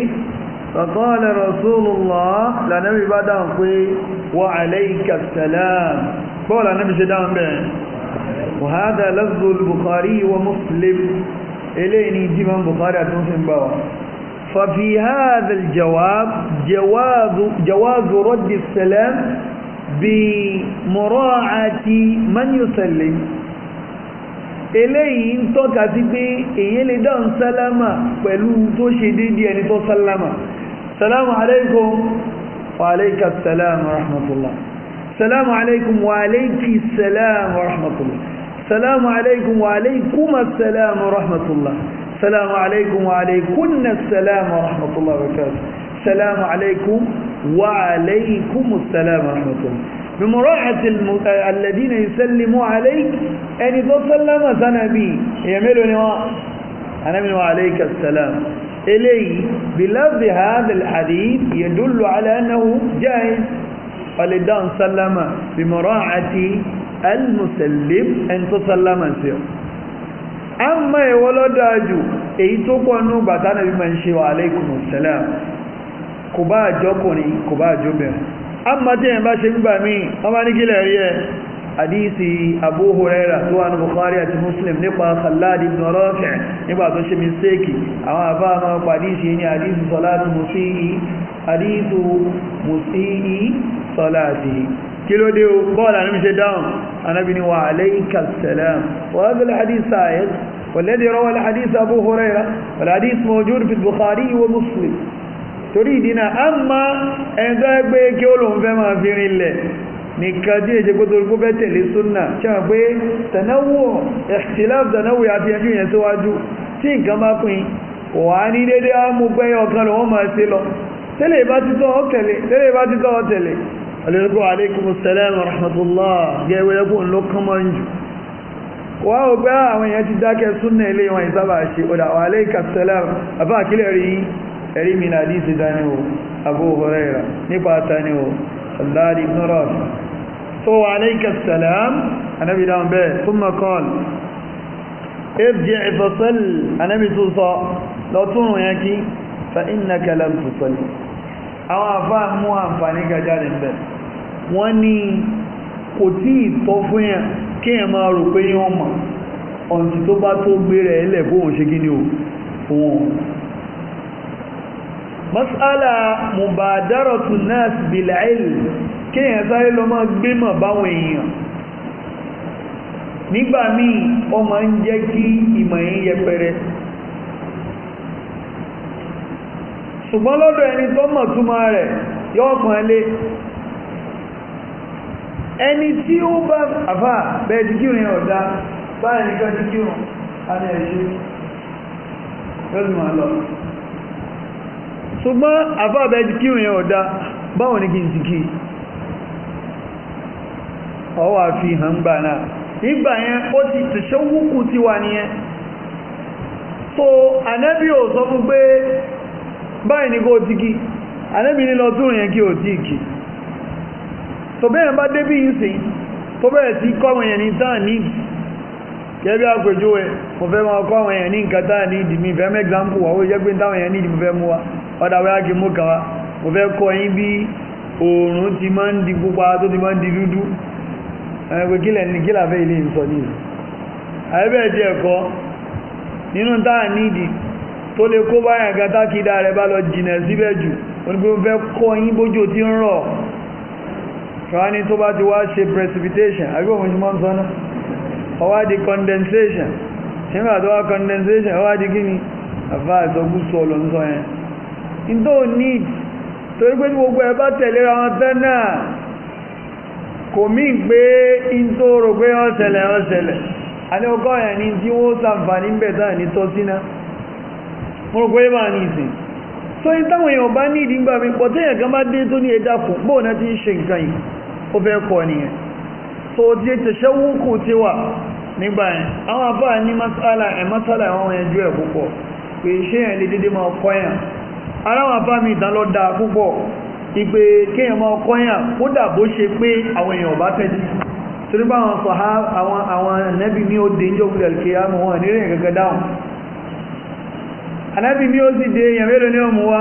ọ̀kọ́ọ̀lẹ̀ rọ̀súlùlọ́ lànàrí bá dáhùn pé wà alayka salam aláìkàsàlám bọ́ lànàrí be wa hada wàhádà al bukhari wa muslim eléyìí ni jíman bukhari àti sin bá wa ففي هذا الجواب جواز جواز رد السلام بمراعاة من يسلم eléyìí ń tọ́ka sí pé èyí lè dán sálámà pẹ̀lú tó ṣe dédé ẹni tó sálámà salamu alaikum wa alaika salam wa rahmatullah salamu alaikum wa alaiki salam wa rahmatullah salamu alaikum wa alaikum salam wa rahmatullah salamu alaikum wa alaikunna salam wa rahmatullah wa barakatuh salamu alaikum wa alaikum salam wa rahmatullah بمراعاة الم... آه، الذين يسلموا عليك يعني تسلم سنة بي يعملوا نواء أنا من وعليك السلام إلي بلفظ هذا الحديث يدل على أنه جائز ولدان سلم بمراعاة المسلم أن تسلم سير أما يولداجو إيتوكو أنه بطانا بمنشي وعليكم السلام كبا جوكوني كبا جوبين amma tí yẹn bá ṣe gbígbà mí ọmọ ní gílẹ̀ rí ẹ hadisi Abu Huraira tó wà ní Bukhari àti Muslim nípa Khallad ibn Rafi' nígbà tó ṣe mistake àwọn àbá máa pa hadisi ní hadisi salatu musii hadisi musii salati kí ló dé o bọ́ọ̀lá ní ṣe dáhùn anábi ni wa alayka salam wa hadha hadith sahih والذي روى الحديث أبو هريرة والحديث موجود في البخاري ومسلم torí ìdínà a ma ẹ̀ntọ́ ẹgbẹ́ kí ó lòun fẹ́ máa fi rinlẹ̀ nìkan tí èjẹ́ kótó kó fẹ́ tẹ̀lé súnà ṣe hàn pé tànáwò ẹ̀kìtìláàfù tànáwò àti ẹjú yẹn síwájú tí nǹkan bá pín wà ní dédé amúgbẹ́yọ kan lọ wọ́n máa ṣe lọ tẹ́lẹ̀ bá ti tọ́ tẹ̀lé tẹ́lẹ̀ bá ti tọ́ tẹ̀lé alẹ́kọ́ alaikum salam rahmatullah wá o àwọn èèyàn ti dákẹ́ súnà ilé wọn ìsábà ọ̀dà wà alaikum salam àbá àkílẹ̀ rí ẹ̀rí mi náà dìí ti dání o Abu Huraira nípa tani o sallari ibn rafi so wa alaika salam anabi dáhùn bẹ́ẹ̀ thumma qal irji' fasalli anabi tún sọ lọ tún rùn yẹn kí fa innaka lam tusalli àwọn àfá mú àǹfààní gajá rẹ̀ masala mubadaratu nas bil ilm kéèyàn sáré lọ máa gbémọ̀ báwọn èèyàn nígbà míì ó máa ń jẹ́ kí ìmọ̀ yẹn yẹpẹrẹ ṣùgbọ́n lọ́dọ̀ ẹni tó mọ̀ túmọ̀ rẹ̀ yóò pọ̀n lé ẹni tí ó bá àfà bẹ́ẹ̀ ti kírun ọ̀dá báyìí nìkan ti kírun a ní ẹ̀ṣẹ́ ṣùgbọ́n àfáàbẹ̀ ti kírun ọ̀dá báwọn ní kí n ti fi hàn gbà náà nígbà yẹn ó ti tẹ̀ṣẹ́ wúkú ti wà so anẹ́bí ò sọ fún pé báyìí ní kó ti anẹ́bí ní lọ tún yẹn kí ò tí kí tó bẹ́ẹ̀ bá débí ń sìn tó bẹ́ẹ̀ sí mo fẹ́ máa kọ́mọ yẹn ní ní ọ̀dà wẹ́yà kí mú kàwá mo fẹ́ kọ́ yín bí oòrùn ti máa ń di pupa tó ti máa ń di dúdú ẹgbẹ́ kílẹ̀ ní kílà fẹ́ ilé ìsọ ní ìlú àyẹ́bẹ̀ẹ́ ti ẹ̀kọ́ nínú táà nídìí tó lè kó báyà ga tákìdá rẹ̀ bá lọ jìnà síbẹ̀ jù onígbé fẹ́ kọ́ yín bójú tí ń rọ̀ fani tó bá ti wá ṣe precipitation àbí òun ti máa ń sọ́nà ọwá di condensation ṣé ń tó wá condensation ọwá di kíni àfáà ìsọgbúsọ ọlọ́nsọ yẹn tó ní torí pé tí gbogbo ẹ bá tẹ̀léra wọn tán náà kò mí gbé in tó rò pé wọ́n ṣẹlẹ̀ wọ́n ṣẹlẹ̀ alẹ́ ọkọ̀ ẹ̀ ní tí wọ́n sàǹfààní ń bẹ̀ tán ní tọ́ mo rò pé máa ní ìsìn so in táwọn èèyàn bá ní ìdí ń gbà mí pọ̀ téèyàn kan bá dé tó ní ẹ̀dá kù bóun náà ti ń ṣe nǹkan yìí ó fẹ́ kọ́ nìyẹn so ti tẹ̀ṣẹ́ wúkù ti wà nígbà yẹn àwọn ní mọ́sálà ẹ̀ mọ́sálà ẹ̀ wọ́n yẹn ju ẹ̀ púpọ̀ pé yẹn lè dédé máa kọ́ yẹn aláwọn afá mi ìdán lọ da púpọ̀ ìpè kéèyàn máa kọ́yàn kódà bó ṣe pé àwọn èèyàn bá tẹ́tí torí bá àwọn sọ̀há àwọn àwọn ànábì ní ó dé níjọ́ gbúdẹ̀ kí á mọ̀ wọn nírìn kankan dáhùn ànábì ní ó sì dé èèyàn mélòó ní ọmọ wa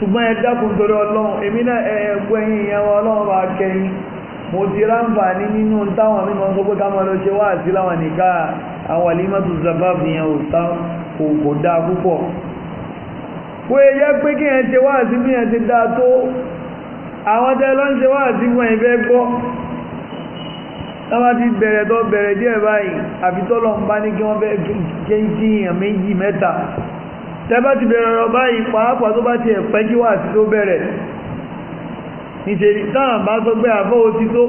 ṣùgbọ́n ẹ dákun torí ọlọ́run èmi náà ẹ̀ẹ́gbọ́ ẹ̀yìn ìyẹn wọn ọlọ́run bá kẹyìn mo ti ráǹfààní nínú táwọn mímọ́ sọ pé ká máa lọ ṣe wáàsí láwọn nìka àwọn àlímọ́tò zabab yẹn ò tá kò dáa púpọ̀ wọ́n yẹ jẹ́ pé kí ẹ ṣe wá sí bí ẹ ti dáa tó àwọn tẹ́ lọ ń ṣe wá sí wọ́n ìfẹ́ gbọ́ lọ́wọ́ ti bẹ̀rẹ̀ tọ́ bẹ̀rẹ̀ díẹ̀ báyìí àfi tọ́lọ̀ ń bá ní kí wọ́n fẹ́ kí kí méjì mẹ́ta tẹ́ ti báyìí pàápàá tó bá ti ẹ̀pẹ́ kí sí tó bẹ̀rẹ̀ bá sọ pé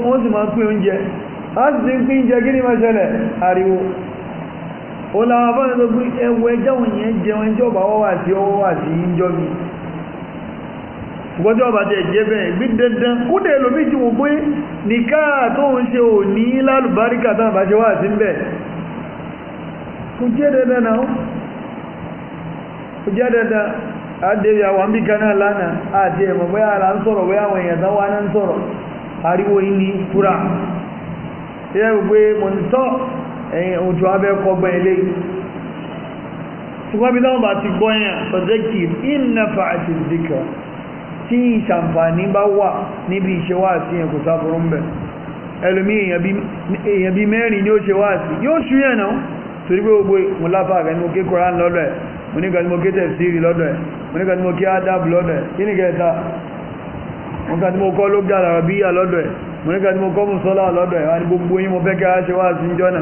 wọ́n sì ó láwọn bá ń sọ pé ẹwọ ẹjọ́ òyìn jẹun ẹjọ́ ọba wọ́wà sí mi ṣùgbọ́n ọba tẹ̀ jẹ́ bẹ́ẹ̀ gbí dandan kúndẹ̀ lómi jù wọ́n pé nìká tó ń ṣe ò ní lálùbáríkà tán àbáṣe wà sí bẹ̀ kò jẹ́ dandan náà kò jẹ́ dandan àdébí àwọn bí lánàá àti ẹ̀mọ̀ ara ń sọ̀rọ̀ àwọn èèyàn tán wá ń sọ̀rọ̀ ariwo yìí ẹ̀yìn ojú abẹ́ kọgbọ́n ilé ṣùgbọ́n bí lọ́wọ́ bá ti gbọ́ yẹn sọ̀jẹ́kì ìnàfà àti ìdíkà tí ìṣàǹfààní bá wà níbi ìṣẹ́wà àti yẹn kò sáfúrú ń bẹ̀ ẹlòmí èèyàn bí mẹ́rin ni ó ṣe wá sí yóò ṣú yẹn náà torí pé gbogbo mùláfà rẹ̀ ni mo ké koran lọ́dọ̀ ẹ̀ mo ní kàtí ké tẹ̀síìrì lọ́dọ̀ ẹ̀ mo ní kàtí ké adab lọ́dọ̀ ẹ̀ kí ni kẹta mo kàtí mo kọ́ lóga àràbíyà lọ́dọ̀ ẹ̀ mo ní kàtí kọ́ musọ́lá lọ́dọ̀ ẹ̀ wá ní gbogbo yín mo fẹ́ kí a ṣe wá sí jọ́nà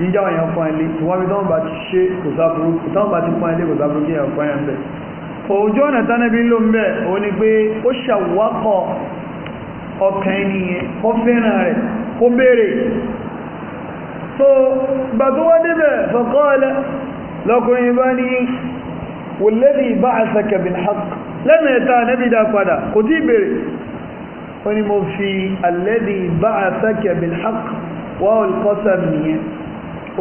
jíjá èèyàn pọ́n ilé ìwọ́n bí tọ́wọ́n bá ti ṣe kò sáburú tọ́wọ́n bá ti pọ́n ilé kò sáburú kí èèyàn pọ́n yẹn bẹ̀ òjò ọ̀nà tánẹ́bí ló ń bẹ̀ ó ní pé ó ṣàwákọ̀ ọkàn ènìyàn kó fẹ́ràn rẹ̀ kó béèrè so gbà tó wá débẹ̀ fọ́kọ́ọ̀lẹ́ lọ́kùnrin bá ní wòlẹ́dì bá àṣàkẹ̀ bin haq lẹ́mẹ̀ẹ́ta nẹ́bí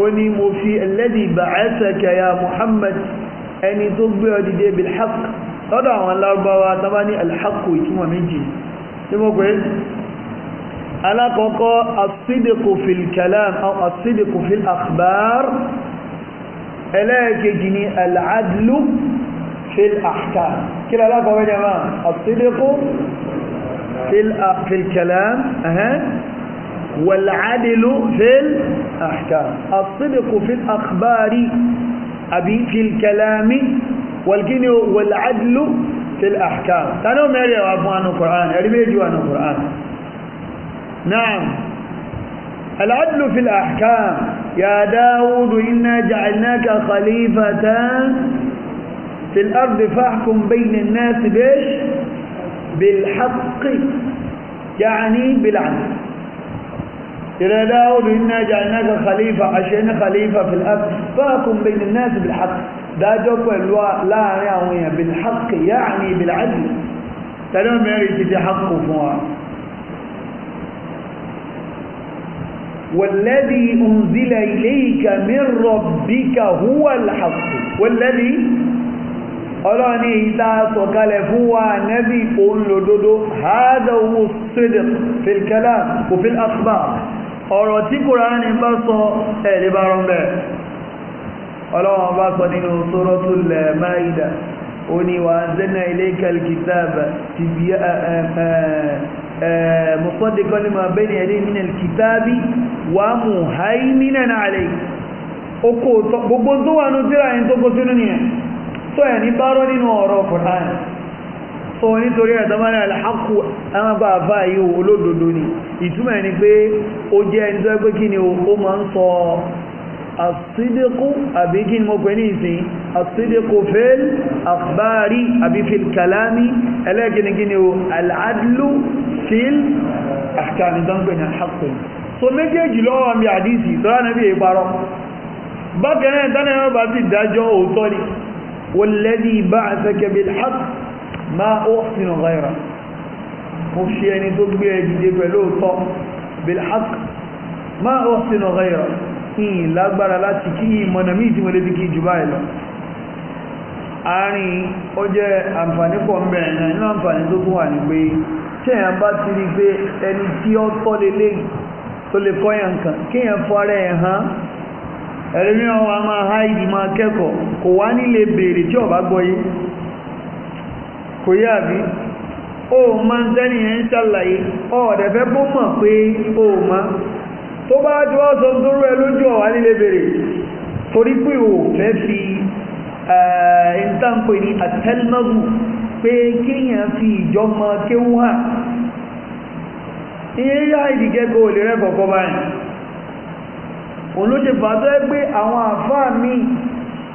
ó ní mo fi alladhi ba'athaka ya Muhammad ẹni tó gbé ọ dìde bilhaq lọ́dọ̀ àwọn lárúbáwá tàbá ní alhaqu ìtumọ̀ méjì tí mo pé alákọ̀ọ́kọ́ as-sidqu fil kalam aw as-sidqu fil akhbar ẹlẹ́ẹ̀kejì ni al'adlu fil ahkam kí والعدل في الأحكام الصدق في الأخبار أبي في الكلام والعدل في الأحكام تنو ميري وابو عن القرآن أربيجوا عن القرآن نعم العدل في الأحكام يا داود إنا جعلناك خليفة في الأرض فاحكم بين الناس بالحق يعني بالعدل يا داود إنا جعلناك خليفة عشان خليفة في الأرض فاكم بين الناس بالحق دا جوكو الوا لا يعني بالحق يعني بالعدل تلام يريد حق فوان والذي أنزل إليك من ربك هو الحق والذي أراني ìta sọ̀kalẹ̀ هو نبي قول له هذا هو الصدق في الكلام وفي الأخبار ọ̀rọ̀ tí kùránì bá sọ ẹ̀lẹ́ bá rán bẹ́ẹ̀ ọlọ́wọ́n bá sọ nínú suratul Maida ó ní wa anzalna ilaykal kitaba musaddiqan lima bayna yadayhi minal kitabi wa muhaiminan alayhi oko gbogbo tó wà nù tíra ẹni tó kó sínú nìyẹn so nítorí ẹ̀tọ́mọ́lẹ̀ alhaku ẹmọ́gbà àfá yíò olódodo ni ìtumọ̀ ni pé ó jẹ́ ẹni tó ẹgbẹ́ kí ni ó ma ń sọ asídẹ́kù àbí kí ni mo pẹ̀ ní ìsìn asídẹ́kù fẹ́l àkbárí àbí fil kalami ẹlẹ́kìní kí ni ó al'adlu fil àkàmì alhaku so méjèèjì lọ́wọ́ mi àdísì tọ́lá náà bí bákan náà tánà yóò bá ti dájọ́ òótọ́ ni wọ́n lẹ́ni ma ó sínú ghayra mo ṣe ẹni tó gbé ẹ dìde pẹ̀lú òótọ́ bilhaq ma ó sínú ghayra ìyìn lágbára láti kí ìmọ̀nà míì tí mo lè fi kí jù báyìí lọ àárín ó jẹ́ àǹfààní pọ̀ ń bẹ̀rẹ̀ náà nínú àǹfààní tó tún wà ní pé tí èèyàn bá ti máa há máa kẹ́kọ̀ọ́ kò wá nílé béèrè tí ó gbọ́yé kò yá bí ma ń tẹ́ni ẹ̀ ń ṣàlàyé ọ̀ọ̀dẹ̀ fẹ́ bó mọ̀ pé ma tó bá jọ ọ́sọ tó ẹ lójú ọ̀wá nílé bèrè torí pé fẹ́ fi ìtànpè ní àtẹ́lmọ́gù pé kíyàn fi mọ kéwú hàn iye yá ìdíkẹ́kọ̀ọ́ olè rẹ̀ kọ̀ọ̀kọ́ báyìí òun ló ṣe ẹ pé àwọn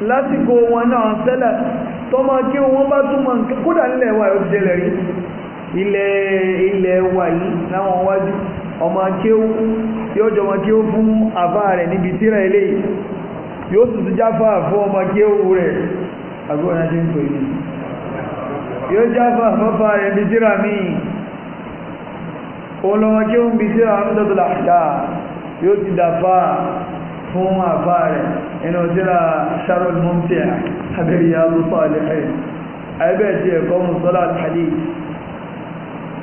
lásìkò wọn náà sẹ́lẹ̀ tọ́mọ kí wọ́n bá túmọ̀ nǹkan kódà nílẹ̀ wa yóò jẹlẹ̀ rí ilẹ̀ ilẹ̀ wa yìí láwọn wájú ọmọ yóò fún àbá rẹ̀ níbi tíra ilé yóò sì jáfà fún ọmọ rẹ̀ àgbọ̀n ti ń pè yóò jáfà fọ́fà rẹ̀ níbi tíra míì òun fún àbá rẹ̀ inú jíra sharon mumtia abẹ́rẹ́ ya ló sọ àlẹ́fẹ́ ẹgbẹ́ ti ẹ̀kọ́ mu sọ́lá àtàlẹ́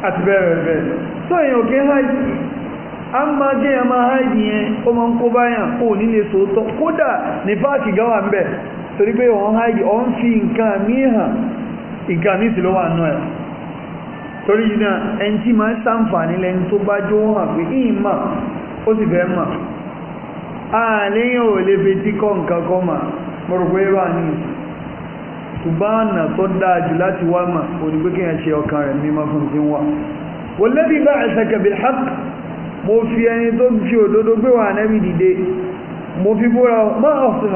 àti bẹ́ẹ̀ bẹ́ẹ̀ tó èèyàn kí hajj a ń máa gé ẹmà hajj yẹn ó máa ń kó báyàn kó nílé sòótọ́ kódà ní páàkì gáwà ń bẹ̀ torí pé òun hajj òun fi nǹkan mí hàn nǹkan mí sì ló wà nù ẹ̀ torí yìí náà ẹni tí máa ń sàǹfààní lẹni tó bá jó hàn pé ìyìn mà ó sì fẹ́ mà àníyàn ah, ò lè fi tí kọ́ nǹkan kọ́ mà mọ̀rọ̀gbọ́ ẹ̀rọ àníyàn ṣùgbọ́n ọ̀nà tó dáa jù láti wá mà ò ní pé kí n ṣe ọkàn rẹ̀ mímọ́ fún ti wà wọlébí bá ẹ̀sẹ̀kẹ̀ bí mo fi ẹni tó fi òdodo gbé wà nẹ́bí dìde mo fi búra má ọ̀sùn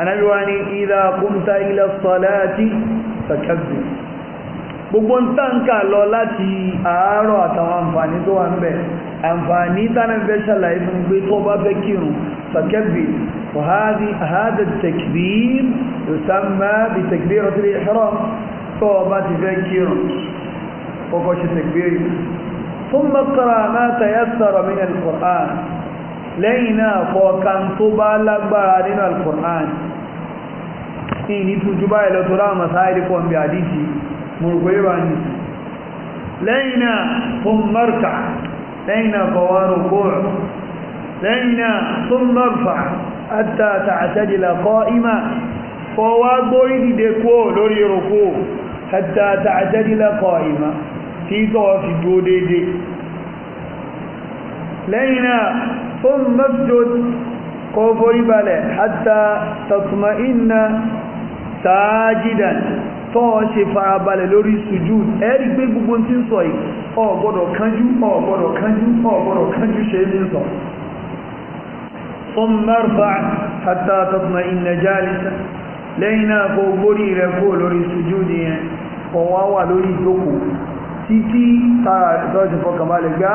anábí wá ní ìdá kúnta ilẹ̀ sọ́láàtì fẹ̀kẹ́bì gbogbo ń tànkà lọ láti àárọ̀ àtàwọn àǹfààní tó wà ń bẹ̀ àǹfààní tánàfẹ́ ṣàlàyé fún gbé tó bá fẹ́ kírun fẹ̀kẹ́bì التكبير يسمى بتكبيرة الإحرام طوبات ذكر وقش التكبير ثم اقرأ ما تيسر من القرآن lẹ́yìn náà kọ̀ọ̀kan tó bá lágbára nínú alkùnrán ní ìnítújú bá ilẹ̀ tó láwọn masáàrí kan bí àdíjì mọ̀rùgbé bá ní lẹ́yìn náà fún mọ́rùkà lẹ́yìn náà kọwàrù kóòrù lẹ́yìn náà fún mọ́rùfà àtàtà àtàjìlá kọ́ ìmá kọwà gbórí dìde kó lórí rùkú àtàtà àtàjìlá ثم اسجد قوفو يبالي حتى تطمئن ساجدا tó ń ṣe farabalẹ̀ lórí sùjú ẹ̀rí gbé gbogbo tí ń sọ yìí o gbọ́dọ̀ kánjú o gbọ́dọ̀ kánjú o gbọ́dọ̀ kánjú ṣe ní sọ fún mẹ́rfà hatta tatma'inna jálisa lẹ́yìn náà kó gbórí rẹ̀ kó lórí sùjú títí tára ìtọ́jú fọkànbalẹ̀ gbá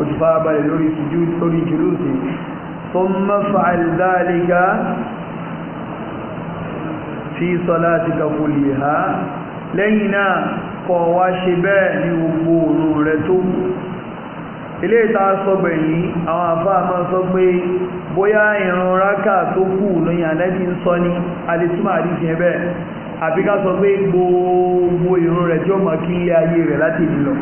òṣìfarabalẹ̀ lórí ìjú lórí jùlúùsì tó mọ́fà àìdáàlégá fi sọ́lá ti kàkùlì ha lẹ́yìn náà kọ̀ wá ṣe bẹ́ẹ̀ ní gbogbo òòrùn rẹ̀ tó kù ilé ìta sọgbẹ̀ yìí àwọn àfáà máa sọ pé bóyá ìrun rákà tó kù lóyìn àlẹ́bí ń sọ ní alìtúmà àdíjẹ bẹ́ẹ̀ àbí ká sọ pé gbogbo ìrun rẹ̀ tí ó mọ̀ kí ilé ayé rẹ̀ láti ìlú